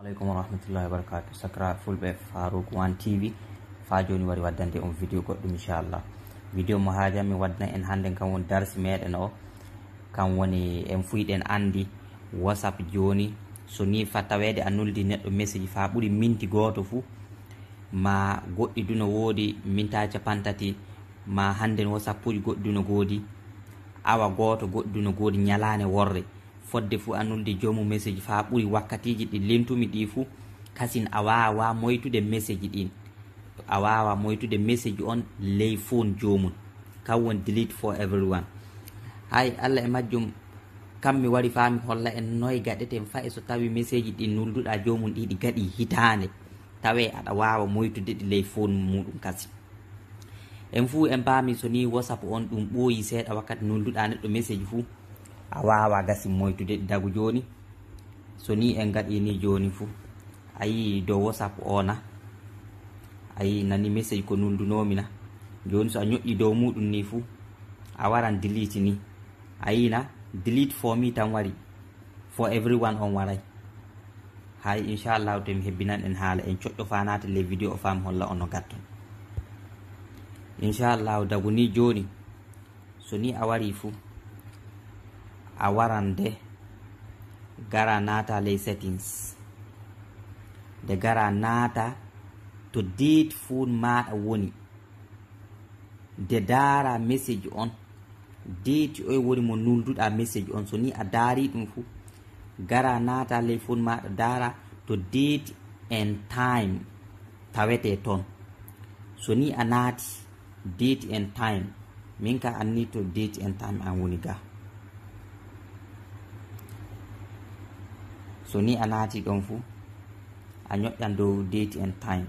alaykum warahmatullahi wabarakatu sacra fulɓe farouk wan tv fa joni wari waddande on vidéo goɗɗum inchallah vidéo mo haajan mi wadna en hannde kam woni darse meɗen o kam woni en fuyɗen anndi whatsapp joni so ni fa tawede a noldi neɗɗo message fa ɓuuri minti goto fuu ma goɗɗi duno woodi minta capantati ma hannde no whatsapp uji goɗɗi duno goodi awa goto goɗɗi duno goodi ñalane worre fodde fu anulde jomu message fa ɓuuri wakkatiji ɗi lentumi ɗi fuu kasin a wawa moytude message ɗin a wawa moytude message on ley phone jomum kam won delete for everyone hay allah e majjum kam mi wari fa mi holla en noy gaɗeten fa e so tawi message ɗi nulduɗa jomum ɗiɗi gaɗi hitande tawe aɗa wawa moytude ɗi ley phone muɗum kasi en fuu en mbami so ni wasap on ɗum ɓooyi seeɗa wakkati nulduɗa neɗɗo message fuu a wawa gasi moytude dagu joni so ni en gaɗini joni fou a yi dow whatsapp ona a yi nani message ko nundunomina joni so a ñoƴƴi dow muɗum ni fou a waran delite ni a yina delite fo mi tan wari fo everyone on waray hay inchallahu to mi hebbinan en haala en coɗɗo fa nata le vidéo fa mi holla ono gatton inchallahu dagu ni joni so ni a wari fou a waran de gara nata ley settings de gara nata to date fuu maɗa woni de dara message on date oy woni mo nulduɗa message on so ni a daari ɗum fuu gara nata ley fuu maɗa dara to date and time tawete toon so ni a naati date and time min ka anni to date and time an woni ga so ni a laati ɗon fuu a ñoƴƴan dow dati and time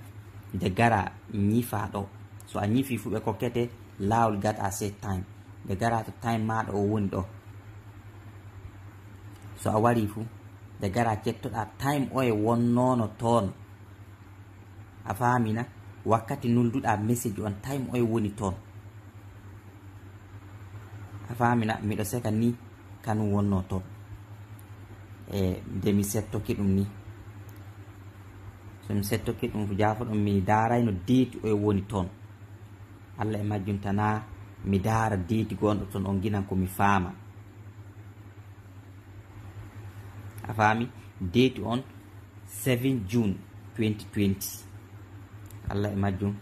nde gara ñifa ɗo so a ñifi fuu ɓe kokkete lawol gat a set time nde gara to time maɗa o woni ɗo so a wari fuu nde gara kettoɗa time oye wonnono toon a famina wakkati nulduɗa message on time oye woni toon a famina miɗo seka ni kanum wonno toon e nde mi settoki ɗum ni somi settoki ɗum jafo ɗum mi darayno deeti oye woni toon allah e majjumtana mi daara deeti gonɗo toon on guinan komi faama a faami deeti on 7 june 2020 allah e majjum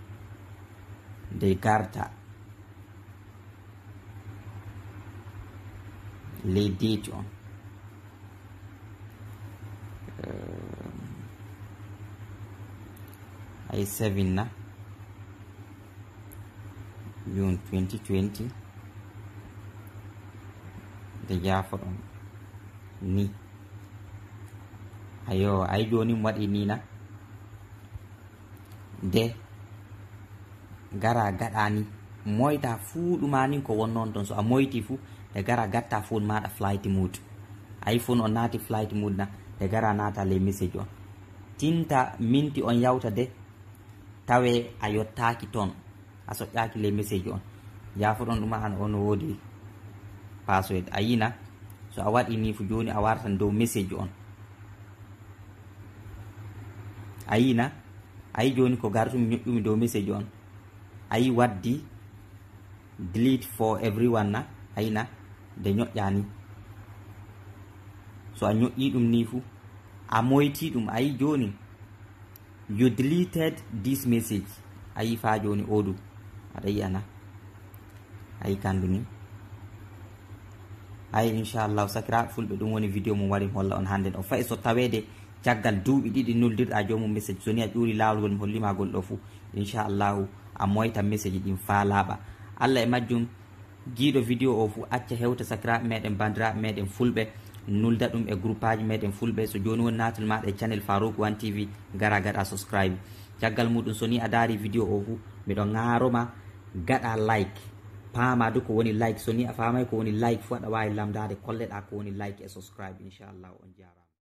nde garta ley deeti on hay ehm, sevin na jun 2020 de jaafo ɗon ni ayo ay joni mi waɗi ni na de gara gaɗani moyta fuu ɗumani ko won noon ton so a moyti fuu de gara gatta fon maɗa flight mood ayi fon o naati flight mood na ɓe gara nata les message on tinta minti on yawta de tawe a yottaki toon a soƴƴaki les message on yafo ɗon ɗuma an on woodi pasoid a yina so a waɗi ni fo joni a wartan dow message on a yina a yi joni ko gartumi ñoƴƴumi dow message on a yi waddi delite for everyone na a yina de ñoƴƴani so a ñoƴƴi ɗum ni fuu a moyti ɗum a yi joni you deleted this message a yi fa joni oɗu oh, aɗa yiyana a yi kandu ni ayi inchallah sakiraɓe fulɓe ɗum woni vidéo mum wari holla on hannde o fayi so tawede caggal duuɓi ɗiɗi noldirɗa jomum message soni a ƴuuri lawolgol mi hollimagol ɗo fuu inchallahu a moyta message ɗin fa laaɓa allah e majjum jiiɗo vidéo o fuu acca hewta sakiraɓe meɗen bandiraɓe meɗen fulɓe nulda ɗum e groupe aji meɗen fulɓe so joni woni natal maɗa e channel farouk one tv gara gaɗa souscribe caggal muɗum soni a daari vidéo o fu miɗo garoma gaɗa like pamade ko woni like soni a famay ko woni like fo aɗa wawi lamdade kolleɗa ko woni like e souscribe inchallah on jarama